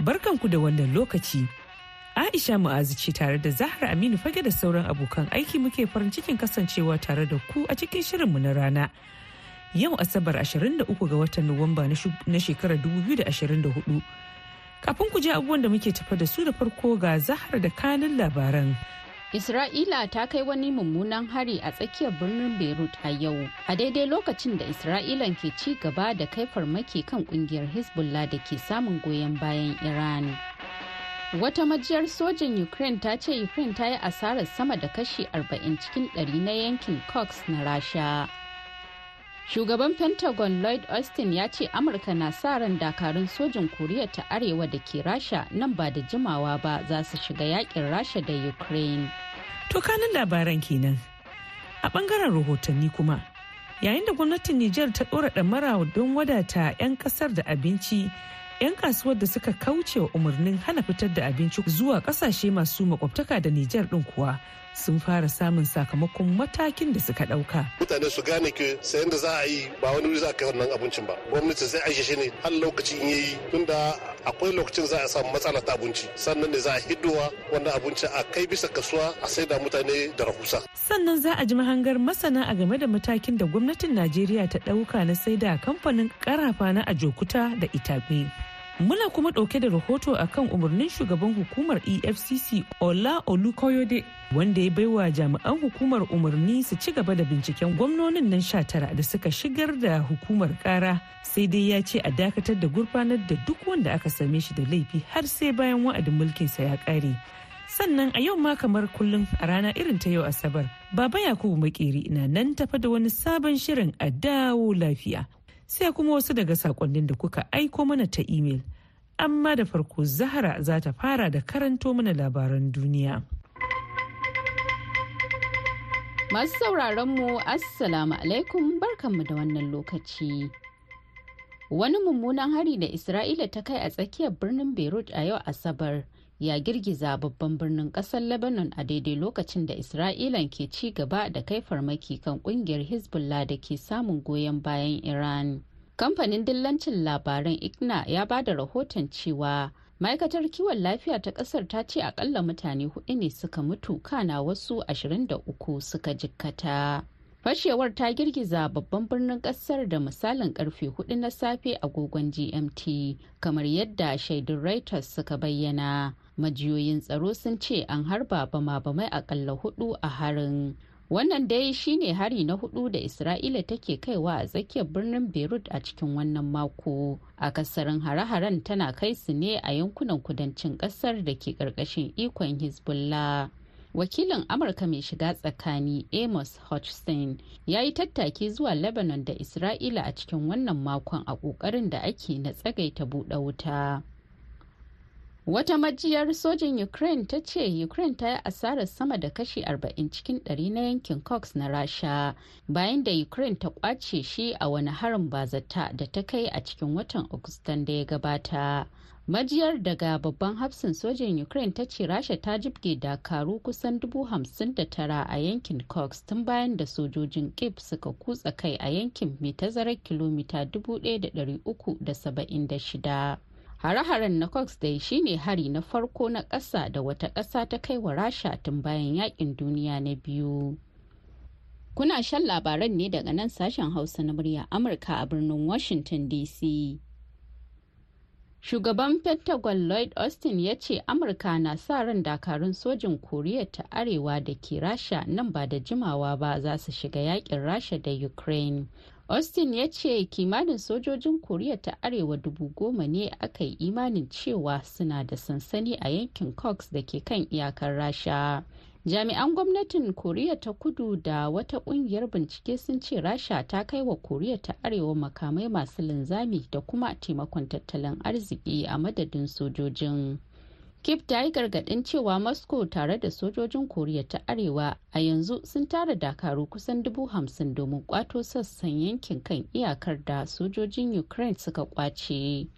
Barkanku da wannan lokaci. Aisha Mu'azu ce tare da Zahra Aminu fage da sauran abokan aiki muke farin cikin kasancewa tare da ku a cikin shirinmu na rana. Yau Asabar 23 ga watan Nuwamba na shekarar 2024. Kafin ku ji abubuwan da muke tafa da su da farko ga Zahra da kanin labaran. Isra'ila ta kai wani mummunan hari a tsakiyar birnin Beirut a yau, a daidai lokacin da Isra'ilan ke ci gaba da kai farmaki kan kungiyar Hezbollah da ke samun goyon bayan Iran. Wata majiyar sojin Ukraine ta ce Ukraine ta yi asarar sama da kashi 40 cikin 100 na yankin Cox na Rasha. shugaban pentagon lloyd austin ya ce amurka na sa ran dakarun sojin koriya ta arewa da ke rasha nan ba da jimawa ba za su shiga yakin rasha da ukraine to kanin labaran kenan a bangaren rahotanni kuma yayin da gwamnatin Nijar ta ɗora ɗamara don wadata 'yan ƙasar da abinci 'yan kasuwar da suka kauce wa umarnin hana fitar da abinci zuwa ƙasashe masu makwabtaka da Nijar ɗin kuwa sun fara samun sakamakon matakin da suka ɗauka. Mutane su gane ke sayan da za a yi ba wani wuri za a kai wannan abincin ba. Gwamnati zai aishe shi ne har lokacin in yayi tunda akwai lokacin za a samu matsala ta abinci sannan ne za a hidowa wannan abinci a kai bisa kasuwa a sai da mutane da rahusa. Sannan za a ji mahangar masana a game da matakin da gwamnatin Najeriya ta ɗauka na sai da kamfanin karafa na Ajokuta da Itafe. Muna kuma ɗauke da rahoto a kan umarnin shugaban hukumar EFCC Ola Olukoyode wanda ya baiwa jami'an hukumar umarni su ci gaba da binciken gwamnonin nan sha tara da suka shigar da hukumar kara sai dai ya ce a dakatar da gurfanar da duk wanda aka same shi da laifi har sai bayan wa'adin mulkinsa ya ƙare. sannan a yau ma kamar kullum a rana irin ta yau asabar baba yakubu makeri na nan tafa da wani sabon shirin a dawo lafiya sai kuma wasu daga sakonnin da kuka aiko mana ta imel. Amma da farko Zahara za ta fara da karanto mana labaran duniya. Masu sauraron mu Assalamu alaikum barkanmu da wannan lokaci. Wani mummunan hari da Isra'ila ta kai a tsakiyar birnin Beirut a yau Asabar. ya girgiza babban birnin kasar lebanon a daidai lokacin da isra'ilan ke ci gaba da kai farmaki kan kungiyar hezbollah da ke samun goyon bayan iran kamfanin dillancin labaran igna ya ba da rahoton cewa ma'aikatar kiwon lafiya ta kasar ta ce akalla mutane hudu ne suka mutu kana wasu ashirin da uku suka jikkata fashewar ta girgiza babban birnin kasar da misalin karfe hudu na safe agogon gmt kamar yadda shaidun reuters suka bayyana majiyoyin tsaro sun ce an harba bama-bamai akalla hudu a harin wannan dai shine hari na hudu da isra'ila take kaiwa a tsakiyar birnin beirut a cikin wannan mako a akasarin hare-haren tana kai su ne a yankunan kudancin kasar da ke karkashin ikon hezbollah wakilin amurka mai shiga tsakani amos hodgson ya yi tattaki zuwa lebanon da isra'ila a cikin wannan makon a kokarin da ake na tsagaita buɗe wuta Wata majiyar sojin Ukraine ta ce Ukraine ta yi asarar sama da kashi 40 cikin 100 na yankin Cox na Rasha bayan da Ukraine ta kwace shi a wani harin bazata da ta kai a cikin watan Agustan da ya gabata. Majiyar daga babban hafsin sojin Ukraine ta ce Rasha ta jibge dakaru kusan tara a yankin Cox tun bayan da sojojin Kip suka kutsa kai a yankin mai tazarar kilomita 1,376. Hare-haren na Cox dai shine hari na farko na ƙasa da wata ƙasa ta kai wa Rasha tun bayan yakin duniya na biyu. Kuna shan labaran ne daga nan sashen Hausa na murya Amurka a birnin Washington DC. Shugaban Pentagon Lloyd Austin ya ce Amurka na sa ran dakarun sojin Koriya ta Arewa da ke Rasha nan ba da jimawa ba za su shiga yakin Rasha da Ukraine. Austin ya ce kimanin sojojin Koriya ta Arewa dubu goma ne aka yi imanin cewa suna da sansani a yankin Cox da ke kan iyakar Rasha. jami'an gwamnatin koriya ta kudu da wata kungiyar bincike sun ce rasha ta kai wa koriya ta arewa makamai masu linzami da kuma taimakon tattalin arziki a madadin sojojin kip ta yi gargadin cewa moscow tare da sojojin koriya ta arewa a yanzu sun tara dakaru kusan dubu hamsin domin kwato sassan yankin kan iyakar da sojojin ukraine suka kwace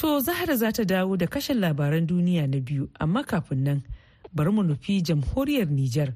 To Zahra za ta dawo da kashin labaran duniya na biyu amma kafin nan bari mu nufi jamhuriyar Nijar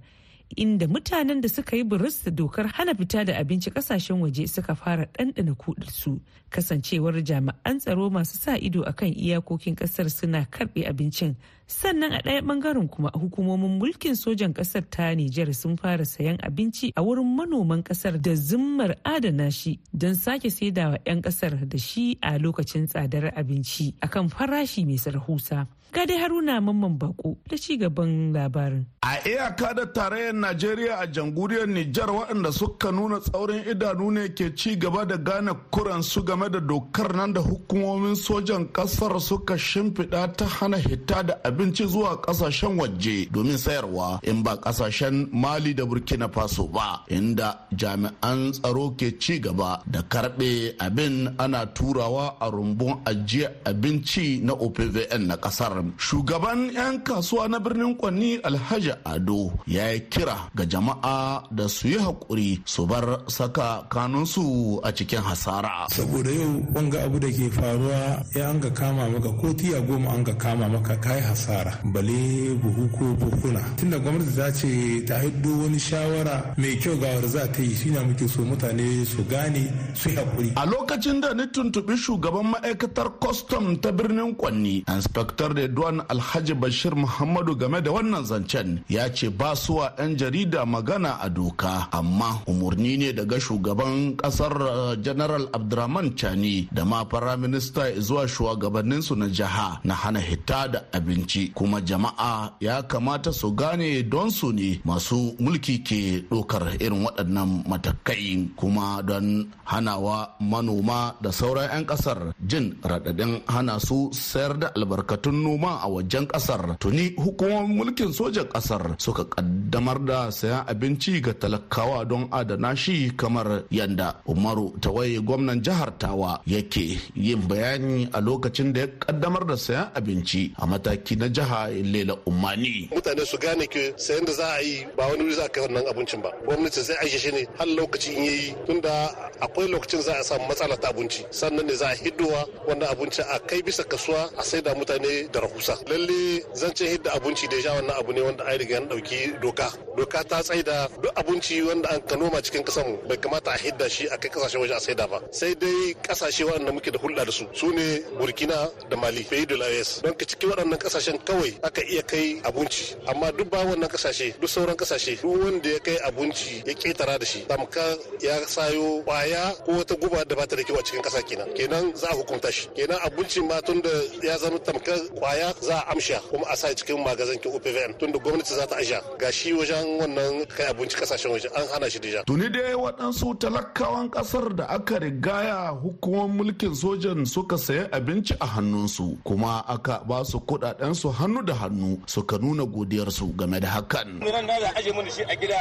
inda mutanen da suka yi buris da dokar hana fita da abinci kasashen waje suka fara ɗanɗana su kasancewar jami'an tsaro masu sa ido akan iyakokin ƙasar suna karɓe abincin sannan a ɗaya ɓangaren kuma hukumomin mulkin sojan ƙasar ta Nijar sun fara sayan abinci a wurin manoman ƙasar da zimmar adana shi don sake saidawa 'yan ƙasar da shi a lokacin tsadar abinci akan farashi mai sarhusa. Gade Haruna Mamman Bako da ci gaban labarin. A iyaka da tarayyar Najeriya a jamhuriyar Nijar waɗanda suka nuna tsaurin idanu ne ke ci gaba da gane kuransu game da dokar nan da hukumomin sojan ƙasar suka shimfiɗa ta hana hita da abinci. abinci zuwa kasashen waje domin sayarwa in ba kasashen mali da burkina faso ba inda jami'an tsaro ke ci gaba da karbe abin ana turawa a rumbun ajiyar abinci na opvn na kasar shugaban 'yan kasuwa na birnin kwanni alhaji ado ya yi kira ga jama'a da su yi haƙuri su bar saka kanunsu a cikin hasara saboda yau wanga abu da ke faruwa ya an ga kama maka ko tiya goma an ga kama maka kai hasara asara bale buhu ko bukuna tunda gwamnati ta ce ta wani shawara mai kyau ga za ta yi muke so mutane su gane su hakuri a lokacin da ni tuntubi shugaban ma'aikatar kwastam ta birnin kwanni inspector da duwan alhaji bashir muhammadu game da wannan zancen ya ce ba su wa 'yan jarida magana a doka amma umarni ne daga shugaban ƙasar uh, general abdurrahman chani da ma firaminista zuwa shugabanninsu na jiha na hana hita da abinci kuma jama'a ya kamata su gane don su ne masu mulki ke ɗaukar irin waɗannan matakai kuma don hanawa manoma da sauran 'yan ƙasar jin raɗaɗin hana su sayar da albarkatun noma a wajen ƙasar tuni hukumomin mulkin sojan ƙasar suka ƙaddamar da sayan abinci ga talakawa don adana shi kamar yanda umaru tawaye gwamnan jihar tawa yake yin bayani a lokacin da ya ƙaddamar da sayan abinci a mataki na jiha lela umani mutane su gane ke sayan da za a yi ba wani wuri za ka wannan abincin ba gwamnati zai aiki shi ne har lokacin in yayi tunda akwai lokacin za a samu matsala ta abinci sannan ne za a hiddowa wannan abinci a kai bisa kasuwa a saida mutane da rahusa lalle zance hidda abinci da ja wannan abu ne wanda ai riga dauki doka doka ta tsaida duk abinci wanda an ka noma cikin kasan bai kamata a hidda shi a kai kasashe waje a saida ba sai dai kasashe waɗanda muke da hulɗa da su su ne burkina da mali bai da don ka ciki waɗannan kasashen kasashen kawai aka iya kai abinci amma duk ba wannan kasashe duk sauran kasashe duk wanda ya kai abinci ya ketara da shi tamka ya sayo kwaya ko wata guba da ba ta da kyau a cikin kasa kenan kenan za a hukunta shi kenan abinci ma tun da ya zama tamkar kwaya za a amsha kuma a sa cikin magazin ki OPVN tun da gwamnati za ta aja ga shi wajen wannan kai abinci kasashen waje an hana shi da tuni dai waɗansu talakawan kasar da aka rigaya hukumar mulkin sojan suka sayi abinci a hannunsu kuma aka ba su kuɗaɗen su hannu da hannu suka nuna godiyarsu game da hakan. a gida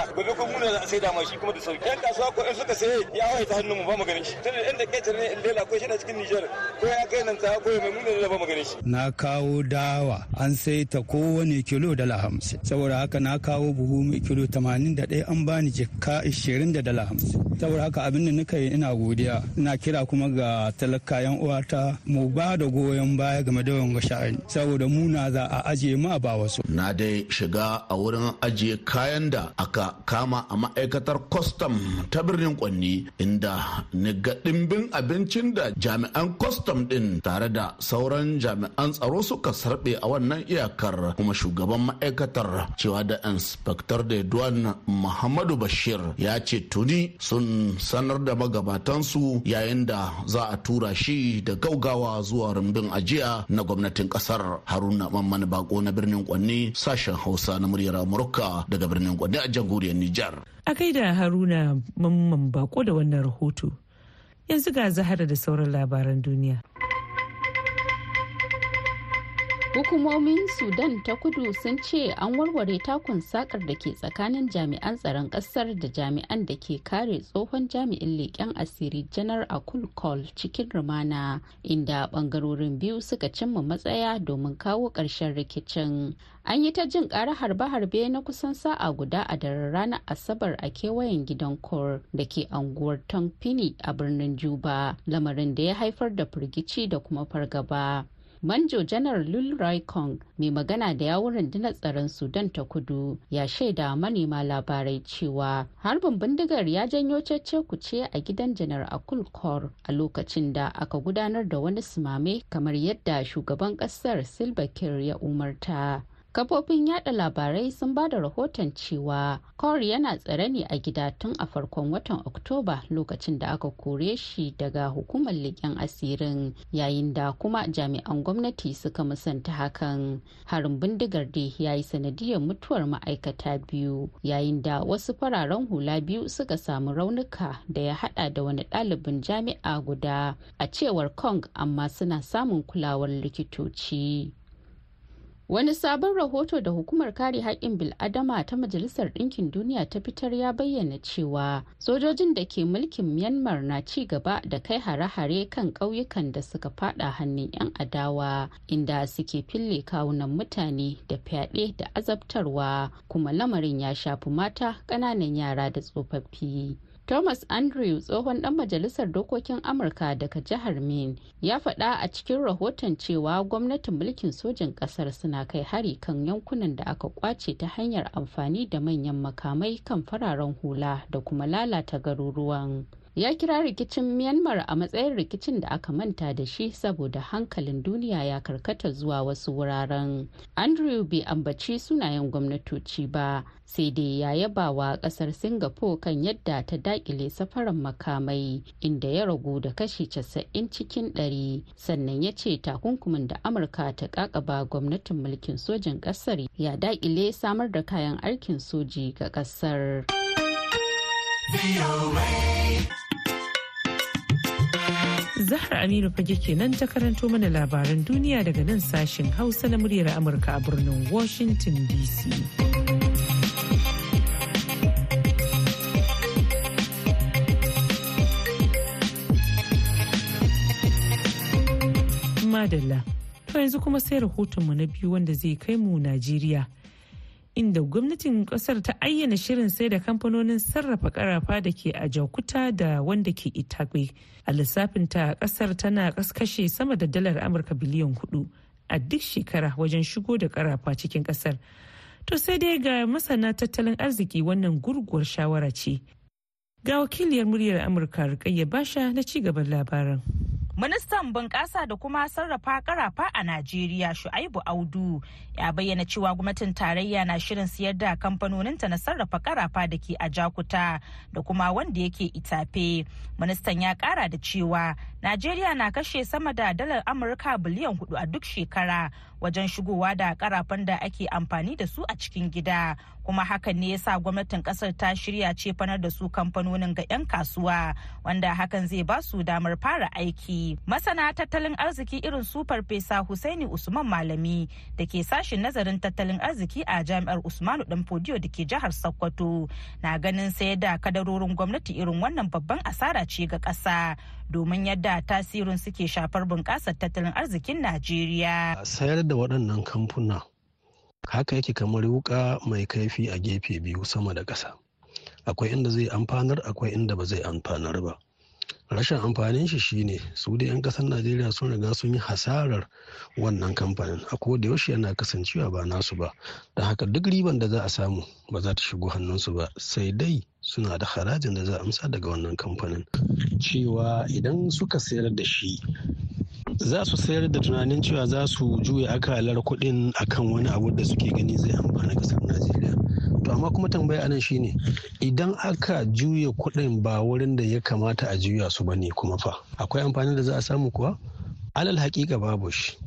gobe na cikin kawo dawa an sai ta kowane kilo dala hamsin. Saboda haka na kawo buhu mai kilo tamanin da an bani jikka ishirin da dala hamsin. Saboda haka abin da nika yi ina godiya ina kira kuma ga talakayan uwata mu ba da goyon baya game da wanga sha'ani saboda mu na za a ajiye ma ba wasu. Na dai shiga a wurin ajiye kayan da aka kama a ma'aikatar kwastam ta birnin Kwanni inda ni ga ɗimbin abincin da jami'an kwastam ɗin tare da sauran jami'an tsaro suka sarɓe a wannan iyakar kuma shugaban ma'aikatar cewa da inspector da duwan Muhammadu Bashir ya ce tuni sun sanar da magabatansu yayin da za a tura shi da gaugawa zuwa rumbin ajiya na gwamnatin ƙasar Haruna Mamman Bako na birnin Kwanne sashen Hausa na muryar Amurka daga birnin Kwanne a jamhuriyar Nijar. A da Haruna Mamman Bako da wannan rahoto. Yanzu ga Zahara da sauran labaran duniya. hukumomin sudan ta kudu sun ce an warware takun sakar da ke tsakanin jami'an tsaron kasar da jami'an da ke kare tsohon jami'in leƙen asiri janar akul kol cikin rumana inda bangarorin biyu suka cimma matsaya domin kawo ƙarshen rikicin an yi ta jin ƙara harbe-harbe na kusan sa'a guda a daren ranar asabar a kewayen gidan kor da ke anguwar tonfini a birnin juba lamarin da ya haifar da firgici da kuma fargaba manjo janar lul kong mai magana da yawun rundunar tsaron sudan ta kudu ya shaida manema labarai cewa harbin bindigar ya janyo cece ce a gidan janar akul kor a lokacin da aka gudanar da wani simame kamar yadda shugaban kasar silva ya umarta kafofin yada labarai sun ba da rahoton cewa Corey yana tsare ne a gida tun a farkon watan oktoba lokacin da aka kore shi daga hukumar leƙen asirin yayin da kuma jami'an gwamnati suka musanta hakan harin bindigar dai ya yi sanadiyar mutuwar ma'aikata biyu yayin da wasu fararen hula biyu suka samu raunuka da ya hada da wani ɗalibin jami'a guda a cewar kong amma suna samun kulawar likitoci Wani sabon rahoto da hukumar kare haƙƙin bil'adama ta Majalisar Ɗinkin Duniya ta fitar ya bayyana cewa sojojin da ke mulkin Myanmar na ci gaba da kai hare-hare kan ƙauyukan da suka fada hannun 'yan adawa inda suke fille kawunan mutane da fyaɗe da azabtarwa kuma lamarin ya shafi mata ƙananan yara da tsofaffi. thomas andrew tsohon dan majalisar dokokin amurka daga jihar maine ya faɗa a cikin rahoton cewa gwamnatin mulkin sojin ƙasar suna kai hari kan yankunan da aka kwace ta hanyar amfani da manyan makamai kan fararen hula da kuma lalata garuruwan ya kira rikicin myanmar a matsayin rikicin da aka manta da shi saboda hankalin duniya ya karkata zuwa wasu wuraren andrew bai ambaci sunayen gwamnatoci ba sai dai ya yaba wa kasar singapore kan yadda ta dakile safaran makamai inda ya ragu da kashi casa'in cikin ɗari, sannan ya ce takunkumin da amurka ta kakaba gwamnatin mulkin sojin kasar ya dakile samar da kayan aikin soji ga kasar. Zahra Aminu fage kenan ta karanto mana labaran duniya daga nan sashen Hausa na muryar Amurka a birnin Washington DC. Madalla, to yanzu kuma sai rahotonmu na biyu wanda zai kai mu Najeriya. inda gwamnatin kasar ta ayyana shirin sai da kamfanonin sarrafa karafa da ke a Jakuta da wanda ke Itagwe. A lissafin ta kasar tana kaskashe sama da dalar Amurka biliyan hudu a duk shekara wajen shigo da karafa cikin kasar. To sai dai ga masana tattalin arziki wannan gurguwar shawara ce. Ga wakiliyar muryar Amurka rikayya Basha na ci gaban labaran. Ministan bunƙasa da kuma sarrafa karafa a Najeriya Shu'aibu Audu ya bayyana cewa gwamnatin tarayya na shirin siyar da kamfanoninta na sarrafa karafa da ke a Jakuta da kuma wanda yake Itafe. Ministan ya ƙara da cewa Najeriya na kashe sama da dalar Amurka biliyan hudu a duk shekara wajen shigowa da karafan da ake amfani da su a cikin gida kuma hakan ne yasa gwamnatin kasar ta shirya cefanar da su kamfanonin ga 'yan kasuwa wanda hakan zai ba su damar fara aiki. yi masana tattalin arziki irin su farfesa husaini usman malami da ke sashen nazarin tattalin arziki a jami'ar usmanu dan fodiyo da ke jihar sokoto na ganin sai da kadarorin gwamnati irin wannan babban asara ce ga ƙasa domin yadda tasirin suke shafar bunƙasar tattalin arzikin najeriya sayar da waɗannan kamfuna haka yake kamar wuka mai kaifi a gefe biyu sama da ƙasa akwai inda zai amfanar akwai inda ba zai amfanar ba rashin amfanin shi shine su da 'yan kasar najeriya sun riga sun yi hasarar wannan kamfanin a da yaushe yana kasancewa ba nasu ba da haka duk riban da za a samu ba za ta shigo hannunsu ba sai dai suna da harajin da za a amsa daga wannan kamfanin cewa idan suka sayar da shi za su sayar da tunanin cewa za su juya akalar kuɗin akan wani abu da suke gani zai amfana kasar najeriya to amma kuma tambaya anan shine idan aka juya kuɗin ba wurin da ya kamata a juya su ba ne kuma fa akwai amfani da za a samu kuwa alal hakika babu shi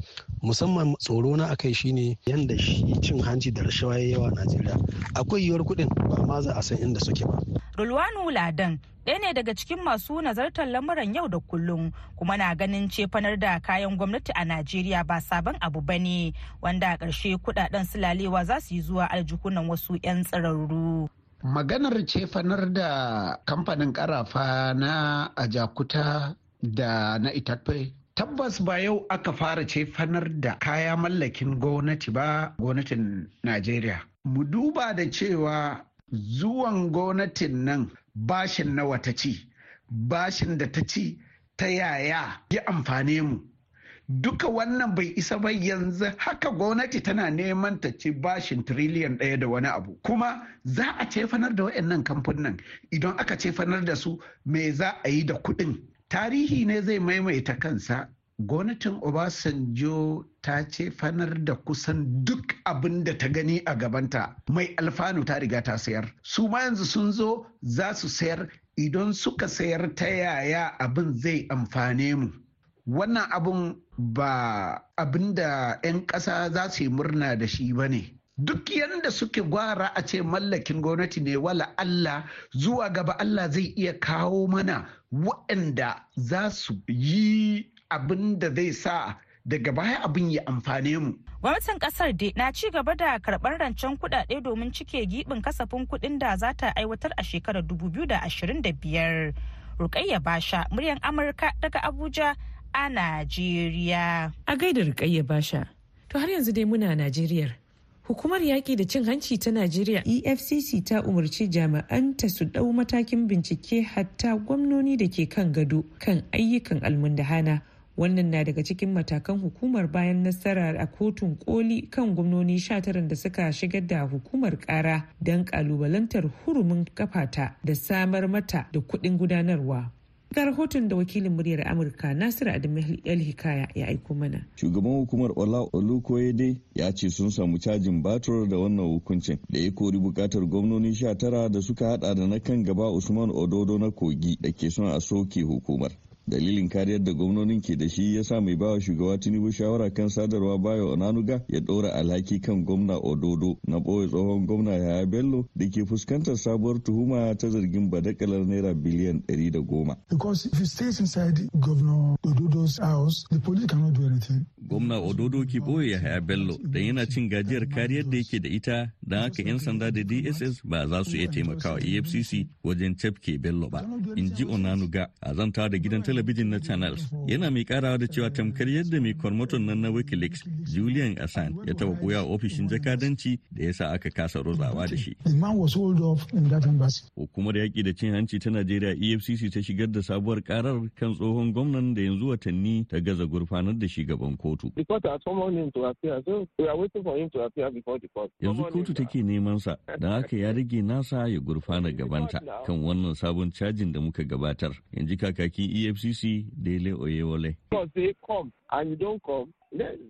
musamman tsoro na akai shine yanda shi cin hanci da rashawa yawa a Najeriya akwai yiwuwar kuɗin ba ma za a san inda suke ba Rulwanu Ladan ɗaya ne daga cikin masu nazartar lamuran yau da kullum kuma na ganin cefanar da kayan gwamnati a Najeriya ba sabon abu ba ne wanda a ƙarshe kudaden sulalewa za su yi zuwa aljihunan wasu 'yan tsararru. Maganar cefanar da kamfanin karafa na Ajakuta da na Itakpe Tabbas ba yau aka fara cefanar da kaya mallakin gwamnati ba gwamnatin Najeriya. Mu duba da cewa zuwan gwamnatin nan bashin nawa ta ci bashin da ta ci ta yaya ya amfane mu duka wannan bai isa ba yanzu haka gwamnati tana neman ta ci bashin tiriliyan ɗaya da wani abu kuma za a cefanar da waɗannan kamfanin idan aka cefanar da su me za a yi da kuɗin tarihi ne zai maimaita kansa gwamnatin obasanjo ta ce fanar da kusan duk abin da ta gani a gabanta mai alfanu ta riga ta sayar su ma yanzu sun zo za su sayar idan suka sayar ta yaya abin zai amfane mu wannan abin ba abin da 'yan ƙasa za su yi murna da shi ba ne duk yadda suke gwara a ce mallakin gwamnati ne wala Allah zuwa gaba Allah zai iya kawo mana waɗanda za su yi abin da zai sa daga baya abin ya amfane mu. Gwamnatin kasar dai na ci gaba da karɓar rancen kuɗaɗe domin cike giɓin kasafin kuɗin da za ta aiwatar a shekarar 2025. Rukayya Basha, muryar Amurka daga Abuja a Najeriya. A gaida Rukayya Basha, to har yanzu dai muna Najeriya. Hukumar yaƙi da cin hanci ta Najeriya EFCC ta umarci jami'anta su ɗau matakin bincike hatta gwamnoni da ke kan gado kan ayyukan almundahana. wannan na daga cikin matakan hukumar bayan nasara a kotun koli kan gwamnoni 19 da suka shigar da hukumar kara don kalubalantar hurumin kafata da samar mata da kuɗin gudanarwa ga rahoton da wakilin muryar amurka nasiru adamu hikaya ya aiko mana shugaban hukumar ola olukoyede ya ce sun samu cajin batur da wannan hukuncin da ya kori bukatar gwamnoni sha tara da suka hada da na kan gaba usman ododo na kogi da ke son a soke hukumar dalilin kariyar da gwamnonin ke da shi ya sa mai bawa shugaba tinubu shawara kan sadarwa bayo onanuga ya ɗora alhaki kan gwamna ododo na boye tsohon gwamna yaya bello da ke fuskantar sabuwar tuhuma ta zargin badakalar naira biliyan ɗari da gwamna ododo ke boye yaya bello don yana cin gajiyar kariyar da yake da ita don haka 'yan sanda da dss ba za su iya taimakawa efcc wajen cafke bello ba in ji onanuga a zanta da gidan talabijin talabijin na channels yana mai karawa da cewa tamkar yadda mai kwarmaton nan na wikileaks julian assan ya taba koya ofishin jakadanci da ya sa aka kasa rozawa da shi hukumar yaƙi da cin hanci ta najeriya efcc ta shigar da sabuwar karar kan tsohon gwamnan da yanzu watanni ta gaza gurfanar da shi gaban kotu yanzu kotu take neman sa da haka ya rage nasa ya gurfana gabanta kan wannan sabon cajin da muka gabatar yanzu kakakin efcc Osisi Dele Oyewole. Because they come and you don't come,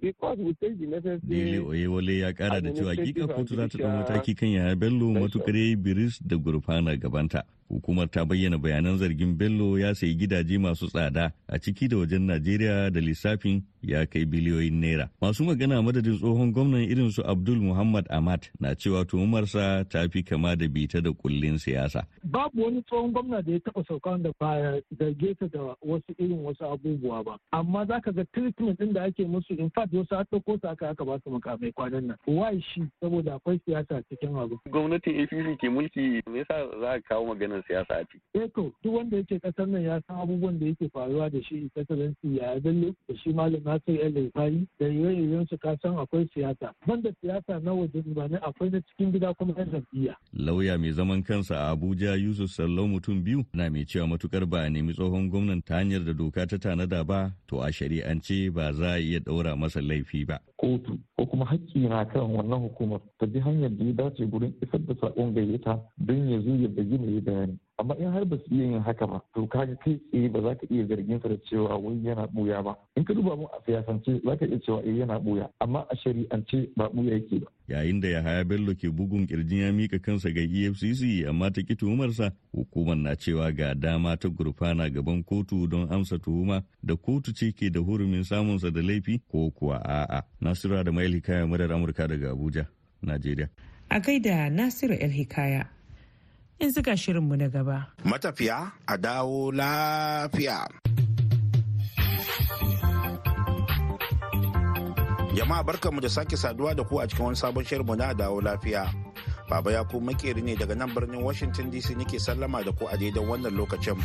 because we oye wale ya kara da cewa kika kotu za ta mataki kan yaya bello yayi biris da gurfana gabanta hukumar ta bayyana bayanan zargin bello ya sayi gidaje masu tsada a ciki da wajen najeriya da lissafin ya kai biliyoyin naira masu magana madadin tsohon gwamnan irin su abdul muhammad ahmad na cewa tuhumarsa ta fi kama da bita da kullin siyasa babu wani tsohon gwamna da ya taɓa sauka da baya da gefe da wasu irin wasu abubuwa ba amma za ka ga treatment ɗin da ake musu su in fact wasu har ɗauko su aka aka ba su makamai kwanan nan why shi saboda akwai siyasa cikin abu gwamnatin APC ke mulki me yasa za a kawo maganar siyasa a ciki eh to duk wanda yake kasar nan ya san abubuwan da yake faruwa da shi excellency ya zalle da shi malam Nasir El Rifai da yoyoyin su ka akwai siyasa banda siyasa na waje ba ne akwai na cikin gida kuma 'yan jam'iyya lauya mai zaman kansa a Abuja Yusuf Sallau mutum biyu na mai cewa matukar ba a nemi tsohon gwamnan ta hanyar da doka ta tanada ba to a shari'ance ba za a iya ɗora masa laifi ba. Kotu ko kuma hakki na kan wannan hukumar ta bi hanyar da ya dace gurin isar da saƙon gayyata don ya zo ya bayyana ya bayani. amma in har ba su iya yin haka ba to kaga kai tsaye ba za ka iya zargin sa da cewa wai yana buya ba in ka duba mu a siyasance za ka iya cewa eh yana buya amma a shari'ance ba buya yake ba yayin da Yahaya Bello ke bugun kirjin ya mika kansa ga EFCC amma ta ki sa hukumar na cewa ga dama ta gurfana gaban kotu don amsa tuhuma da kotu ce ke da hurumin samunsa da laifi ko kuwa a'a Nasira da Mailika ya murar Amurka daga Abuja Najeriya a gaida Nasiru El Hikaya in suka mu na gaba. Matafiya a dawo lafiya. Jama'a barkanmu da sake saduwa da ku a cikin wani sabon mu na dawo lafiya. Baba ya ku makeri ne daga nan birnin Washington DC nake sallama da ku a daidan wannan lokacin.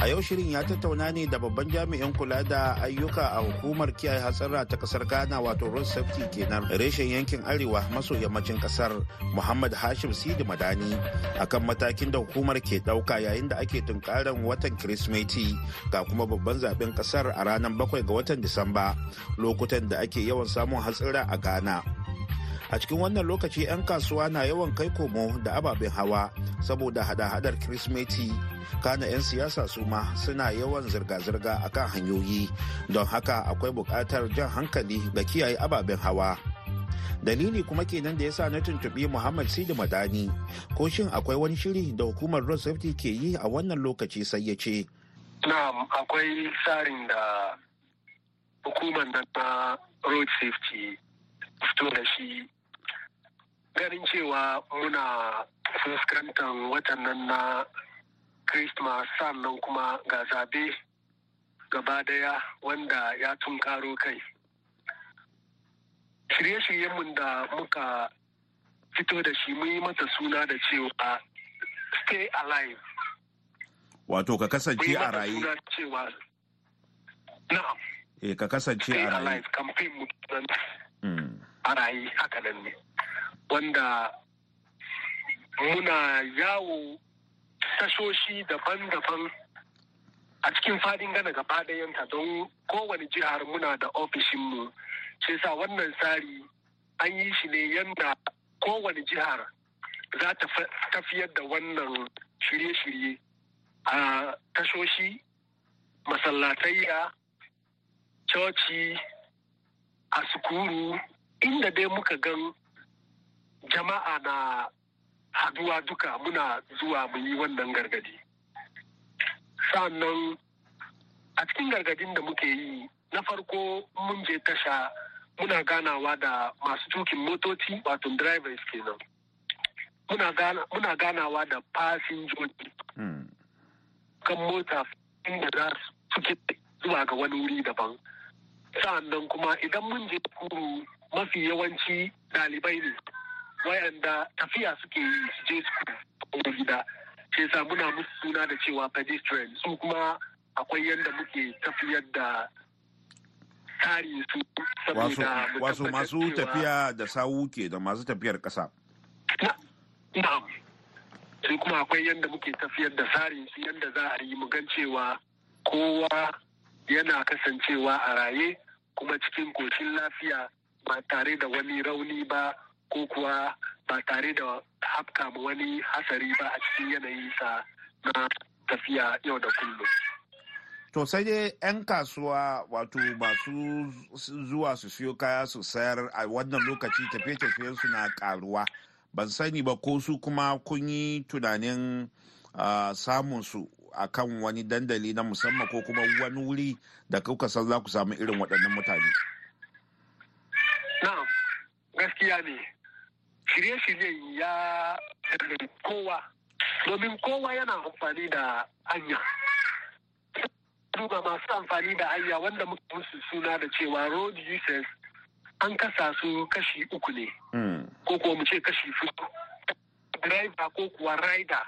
A yau shirin ya tattauna ne da babban jami'in kula da ayyuka a hukumar kiyaye hatsarra ta kasar Ghana wato road safety kenan reshen yankin arewa maso yammacin kasar Muhammad Hashim Sidi Madani akan matakin da hukumar ke dauka yayin da ake tunkarar watan kirismeti ga kuma babban zaben kasar a ranar bakwai ga watan Disamba lokutan da ake yawan samun hatsira a Ghana. a cikin wannan lokaci 'yan kasuwa na yawan kai komo da ababen hawa saboda hada-hadar kirismeti kana 'yan siyasa su ma suna yawan zirga-zirga a kan hanyoyi don haka akwai buƙatar jan hankali ga kiyaye ababen hawa dalili kuma kenan da ya sa na tuntuɓi muhammad sidi madani ko shin akwai wani shiri da hukumar road safety ke yi a wannan lokaci sai ya ce na'am akwai tsarin da hukumar da ta road safety fito da shi ganin cewa muna fuskantar watan nan na Christmas sannan kuma ga zabe gaba daya wanda ya tunkaro kai. Shirye-shiryenmu da muka fito da shi mun yi mata suna da cewa stay alive. Wato ka kasance a raye. Eh, ka kasance a raye. Stay alive campaign mu hmm. a raye haka nan ne. wanda muna yawo tashoshi daban-daban a cikin fadin gana gaba ɗayanta don kowane jihar muna da ofishinmu sai sa wannan tsari an yi shi ne yadda kowane jihar za ta tafiyar da wannan shirye-shirye a tashoshi masallatayya coci a sukuru inda dai muka gan jama'a na haduwa duka muna zuwa mu yi wannan gargadi sannan a cikin gargadin da muke yi na farko mun je tasha muna ganawa da masu tukin motoci wato drivers kenan muna ganawa da fasinjoji hmm. kan mota inda za su zuwa ga wani wuri daban sa'annan kuma idan mun je kuru mafi yawanci ɗalibai ne wayanda tafiya suke yi su je su gida sai sa muna musu suna da cewa pedestrian su kuma akwai yadda muke tafiyar da tsari su saboda wasu masu tafiya da sawu ke da masu tafiyar kasa na'am sai kuma akwai yadda muke tafiyar da tsarin su yadda za a yi mugan cewa kowa yana kasancewa a raye kuma cikin koshin lafiya ba tare da wani rauni ba ko kuwa ba tare da hafka ma wani hasari ba a cikin sa na tafiya yau da kullum. To sai dai 'yan kasuwa wato masu zuwa su siyo kaya su sayar a wannan lokaci tafiye-tafiyen su na karuwa. Ban sani ba ko su kuma kun yi tunanin samun su a kan wani dandali na musamman ko kuma wani wuri da kuka san za ku samu irin waɗannan mutane. Na gaskiya ne shirye-shiryen ya kowa domin kowa yana amfani da hanya duba masu amfani da hanya wanda muka musu suna da cewa road users an kasa su kashi uku ne hmm. ko kuwa mu ce kashi fito driver ko kuwa rider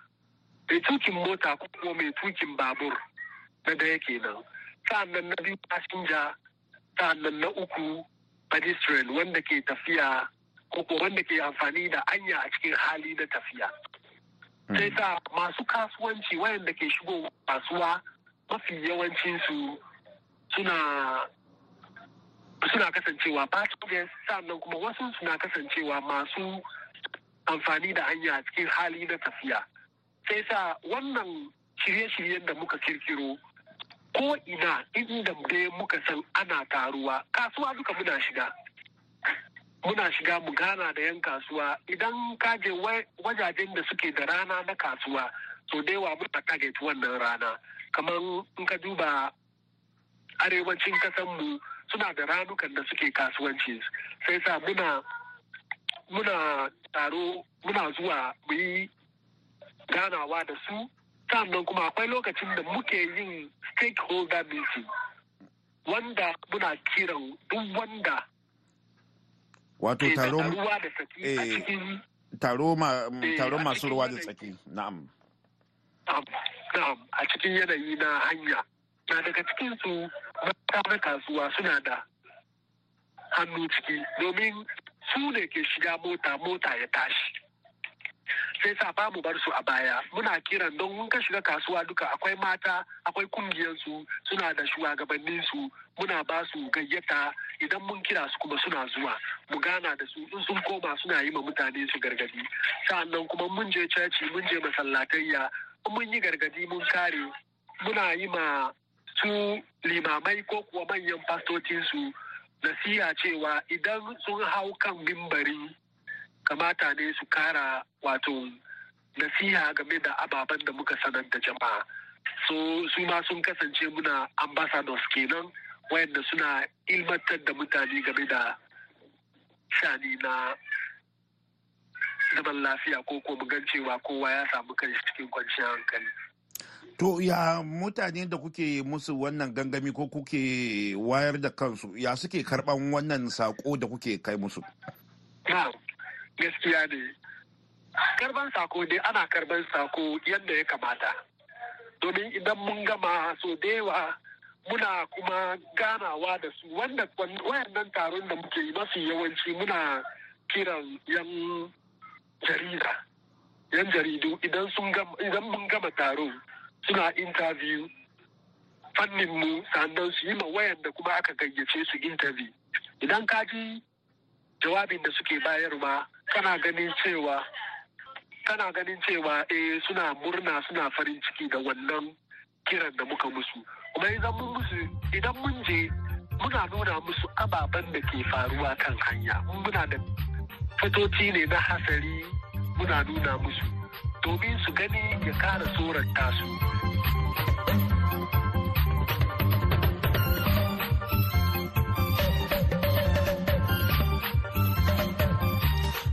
mai tukin mota ko kuma mai tukin babur na da nan kenan sa'annan na biyu passenger sa'annan na uku pedestrian wanda ke tafiya ko wanda ke amfani da anya a cikin hali na tafiya. Hmm. Sai sa masu kasuwanci wayanda ke shigo kasuwa mafi yawancinsu suna suna kasancewa passengers sannan kuma wasu suna kasancewa masu amfani da hanya a cikin hali na tafiya. Sai sa wannan shirye-shiryen da muka kirkiro ko ina inda dai muka san ana taruwa kasuwa duka muna shiga. muna shiga mu gana da yan kasuwa idan kaje wajajen da suke da rana na kasuwa so da yawa muna target wannan rana kamar in ka duba arewacin kasanmu suna da ranukan da suke kasuwanci sai sa muna muna taro muna zuwa mu yi ganawa da su sannan kuma akwai lokacin da muke yin stakeholder meeting wanda muna kiran duk wanda wato eh, taro eh, mm, eh, masu ruwa da tsaki na'am a cikin yanayi na hanya na daga cikin su mata na kasuwa suna da hannu ciki domin su ne ke shiga mota mota ya tashi sai sa ba mu bar su a baya muna kiran don mun ka shiga kasuwa duka akwai mata akwai kungiyar su suna da shugabanninsu, muna ba su gayyata idan mun kira su kuma suna zuwa mu gana da su in sun koma suna yi ma mutane su gargadi sa'annan kuma mun je caci mun je masallatayya mun yi gargadi mun kare muna yi ma su limamai ko kuwa manyan fastocinsu nasiha cewa idan sun hau kan bimbari kamata ne su kara wato nasiha game da ababen da muka sanar da jama'a su ma sun kasance muna ambassadors kenan wayanda suna ilmantar da mutane game da shani na zaman lafiya ko ko gan cewa kowa ya samu kai cikin kwanciyar hankali. To ya mutane da kuke musu wannan gangami ko kuke wayar da kansu ya suke karban wannan sako da kuke kai musu? Na gaskiya ne. Karban sako dai ana karban sako yadda ya kamata. Domin idan mun gama so da yawa muna kuma ganawa da su wanda wayannan taron da muke yi mafi yawanci muna kiran yan jarida yan jaridu idan sun idan mun gama taro suna interview fannin mu sannan su yi ma da kuma aka gayyace su interview idan ka ji jawabin da suke bayarwa kana ganin cewa kana ganin cewa eh suna murna suna farin ciki da wannan kiran da muka musu kuma idan mun musu idan mun je muna nuna musu ababen da ke faruwa kan hanya muna da fitoci ne na hasari muna nuna musu domin su gani ya kara tsorata su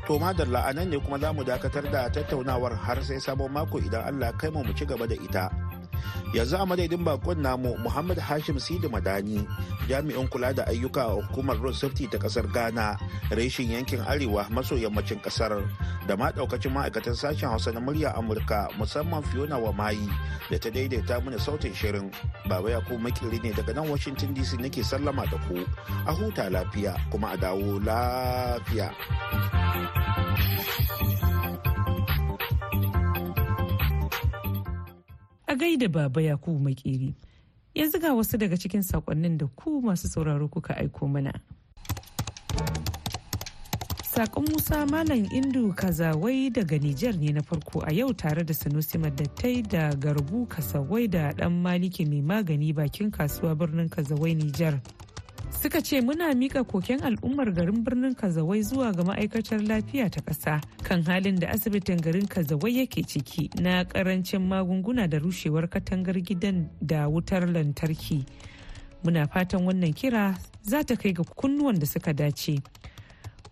To madalla a ne kuma za mu dakatar da tattaunawar har sai sabon mako idan Allah kai mu ci gaba da ita. yanzu a madaidin bakon namu muhammad hashim sidi madani jami'in kula da ayyuka a hukumar road safety ta kasar ghana reshen yankin arewa maso yammacin kasar da ma daukacin ma'aikatan sashen hausa na murya amurka musamman fiona wa mayi da ta daidaita mana sautin shirin baba ya makiri ne daga nan washington dc nake sallama da ku a huta lafiya kuma a dawo lafiya a gaida baba yakubu makeri yanzu ga wasu daga cikin sakonnin da ku masu sauraro kuka aiko mana sakon musa malam indu kazawai daga nijar ne na farko a yau tare da sanusi madattai da garbu kasawai da dan maliki mai magani bakin kasuwa birnin kazawai nijar suka ce muna mika koken al'ummar garin birnin kazawai zuwa ga ma'aikatar lafiya ta ƙasa kan halin da asibitin garin kazawai yake ciki na ƙarancin magunguna da rushewar katangar gidan da wutar lantarki muna fatan wannan kira za ta kai ga kunnuwan da suka dace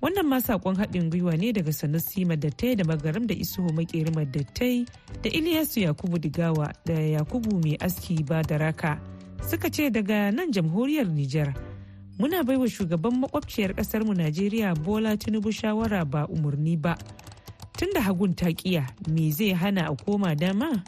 wannan ma sakon haɗin gwiwa ne daga sanusi madattai da magaram da isuhu makeri madattai da iliyasu yakubu digawa da yakubu mai aski ba da raka suka ce daga nan jamhuriyar nijar muna baiwa shugaban makwabciyar kasarmu najeriya bola tinubu shawara ba umarni ba tunda hagun ta kiya me zai hana a koma dama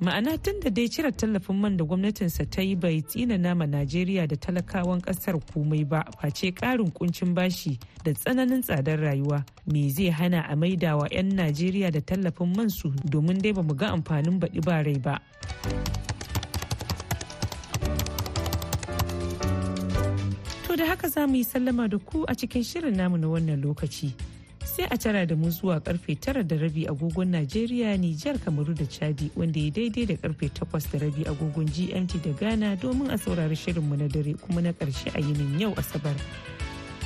ma'ana tunda dai cire tallafin man da gwamnatinsa ta yi bai tsina nama najeriya da talakawan kasar komai ba face karin kuncin bashi da tsananin tsadar rayuwa me zai hana a maidawa 'yan najeriya da tallafin man su domin dai ba mu ga amfanin baɗi ba rai ba To da haka za mu yi sallama da ku a cikin shirin namu na wannan lokaci. Sai a tara da mu zuwa karfe tara da rabi agogon Najeriya, Nijar, Kamaru da Chadi wanda ya daidai da karfe takwas da rabi agogon GMT da Ghana domin a saurari shirinmu na dare kuma na karshe a yinin yau Asabar.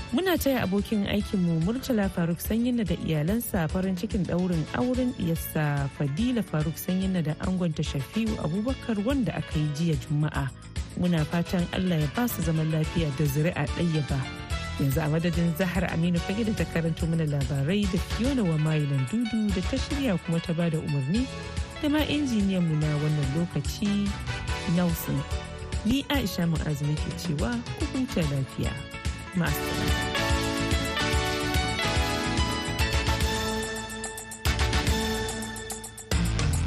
Muna taya abokin aikinmu Murtala Faruk Sanyina da iyalansa farin cikin ɗaurin auren iyasa Fadila Faruk Sanyina da ta Shafi'u Abubakar wanda aka yi jiya Juma'a. Muna fatan Allah ya ba su zaman lafiya da zuri'a ba Yanzu a madadin Zahar Aminu fage da ta karanto mana labarai da Fiona wa Mayilan Dudu da ta shirya kuma ta bada umarni da ma mu na wannan lokaci Nelson. Ni Aisha azumi ke cewa hukunta lafiya. Más.